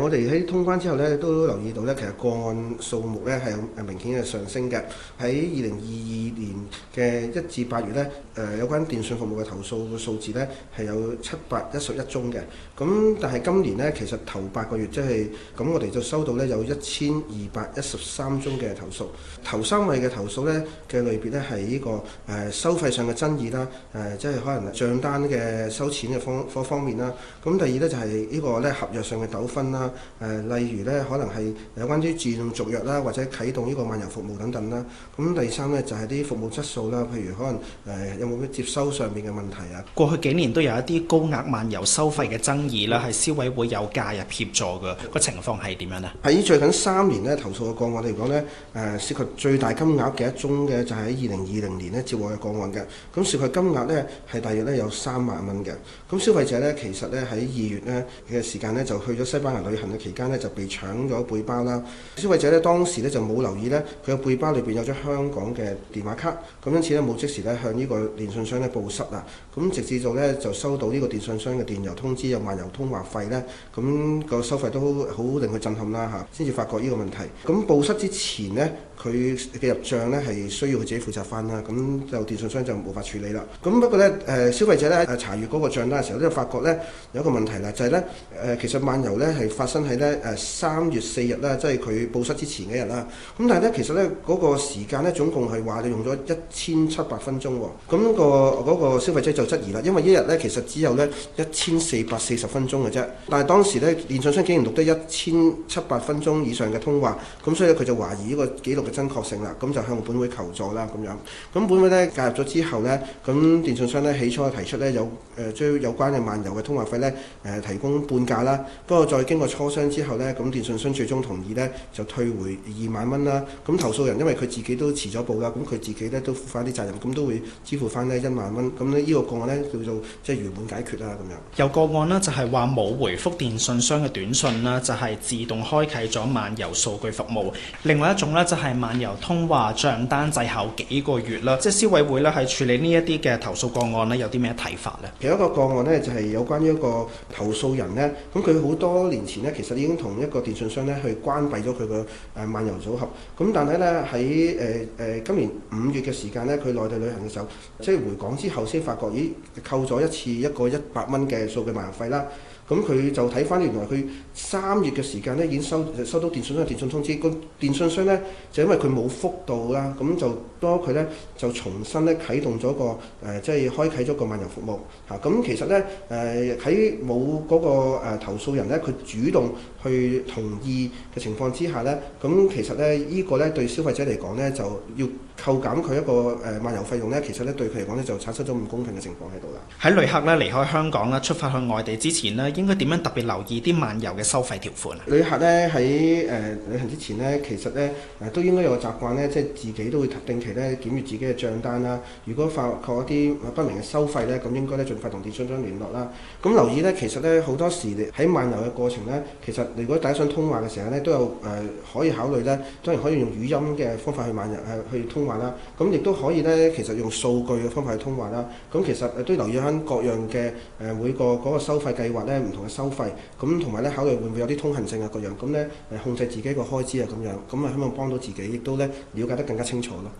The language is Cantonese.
我哋喺通關之後咧，都留意到咧，其實個案數目咧係有誒明顯嘅上升嘅。喺二零二二年嘅一至八月咧，誒有關電信服務嘅投訴嘅數字咧係有七百一十一宗嘅。咁但係今年咧，其實頭八個月即係咁，我哋就收到咧有一千二百一十三宗嘅投訴。頭三位嘅投訴咧嘅類別咧係呢個誒收費上嘅爭議啦，誒即係可能帳單嘅收錢嘅方方面啦。咁第二咧就係呢個咧合約上嘅糾紛啦。誒，例如咧，可能係有關於自動續約啦，或者啟動呢個漫遊服務等等啦。咁第三咧，就係啲服務質素啦，譬如可能誒，有冇啲接收上面嘅問題啊？過去幾年都有一啲高額漫遊收費嘅爭議啦，係消委會有介入協助嘅，個情況係點樣呢？喺最近三年咧投訴嘅個案嚟講呢，誒涉及最大金額嘅一宗嘅就喺二零二零年呢接獲嘅個案嘅，咁涉及金額呢，係大約呢有三萬蚊嘅。咁消費者呢，其實呢，喺二月呢嘅時間呢，就去咗西班牙旅行。行嘅期間咧就被搶咗背包啦，消費者咧當時咧就冇留意呢佢嘅背包裏邊有張香港嘅電話卡，咁因此咧冇即時呢向呢個電訊商呢報失啦，咁直至到呢就收到呢個電訊商嘅電郵通知有漫遊通話費呢，咁個收費都好令佢震撼啦嚇，先至發覺呢個問題。咁報失之前呢，佢嘅入帳呢係需要佢自己負責翻啦，咁就電訊商就無法處理啦。咁不過呢誒消費者呢查閲嗰個帳單嘅時候都就發覺咧有一個問題啦，就係呢誒其實漫遊呢係。發生喺咧誒三月四日啦，即係佢報失之前嘅一日啦。咁但係咧，其實咧嗰個時間咧總共係話就用咗一千七百分鐘喎。咁個嗰個消費者就質疑啦，因為一日咧其實只有咧一千四百四十分鐘嘅啫。但係當時咧電訊商竟然錄得一千七百分鐘以上嘅通話，咁所以佢就懷疑呢個記錄嘅真確性啦。咁就向本會求助啦，咁樣。咁本會咧介入咗之後咧，咁電訊商咧起初提出咧有誒將有關嘅漫遊嘅通話費咧誒提供半價啦。不過再經過。磋商之後呢，咁電信商最終同意呢，就退回二萬蚊啦。咁投訴人因為佢自己都遲咗報噶，咁佢自己呢都負翻啲責任，咁都會支付翻呢一萬蚊。咁咧呢個個案呢，叫做即係圓滿解決啦咁樣。有個案呢，就係話冇回覆電信商嘅短信啦，就係自動開啟咗漫遊數據服務。另外一種呢，就係漫遊通話帳單滯後幾個月啦。即係消委會咧係處理呢一啲嘅投訴個案呢，有啲咩睇法咧？有一個個案呢，就係有關於一個投訴人呢，咁佢好多年前。咧其實已經同一個電訊商咧去關閉咗佢個誒漫遊組合，咁但係咧喺誒誒今年五月嘅時間咧，佢內地旅行嘅時候，即係回港之後先發覺咦扣咗一次一個一百蚊嘅數據漫遊費啦。咁佢就睇翻原來佢三月嘅時間咧已經收收到電訊商嘅電訊通知，個電訊商咧就因為佢冇覆到啦，咁就幫佢咧就重新咧啟動咗個即係開啟咗個漫遊服務。咁其實咧喺冇嗰個投訴人咧佢主動去同意嘅情況之下咧，咁其實咧呢個咧對消費者嚟講咧就要扣減佢一個誒漫遊費用咧，其實咧對佢嚟講咧就產生咗唔公平嘅情況喺度啦。喺旅客咧離開香港啦，出發去外地之前咧，應該點樣特別留意啲漫遊嘅收費條款啊？旅客咧喺誒旅行之前咧，其實咧誒、呃、都應該有個習慣咧，即係自己都會定期咧檢閱自己嘅帳單啦、啊。如果發覺一啲不明嘅收費咧，咁應該咧盡快同電訊商聯絡啦。咁、啊嗯、留意咧，其實咧好多時喺漫遊嘅過程咧，其實如果打算通話嘅時候咧，都有誒、呃、可以考慮咧，當然可以用語音嘅方法去漫遊去、啊、去通話啦。咁亦都可以咧，其實用數據嘅方法去通話啦。咁、啊嗯、其實都要留意翻各樣嘅誒、呃、每個嗰個收費計劃咧。唔同嘅收費，咁，同埋咧考慮會唔會有啲通行證啊各樣咁咧，誒控制自己個開支啊咁樣咁啊，希望幫到自己，亦都咧了解得更加清楚咯。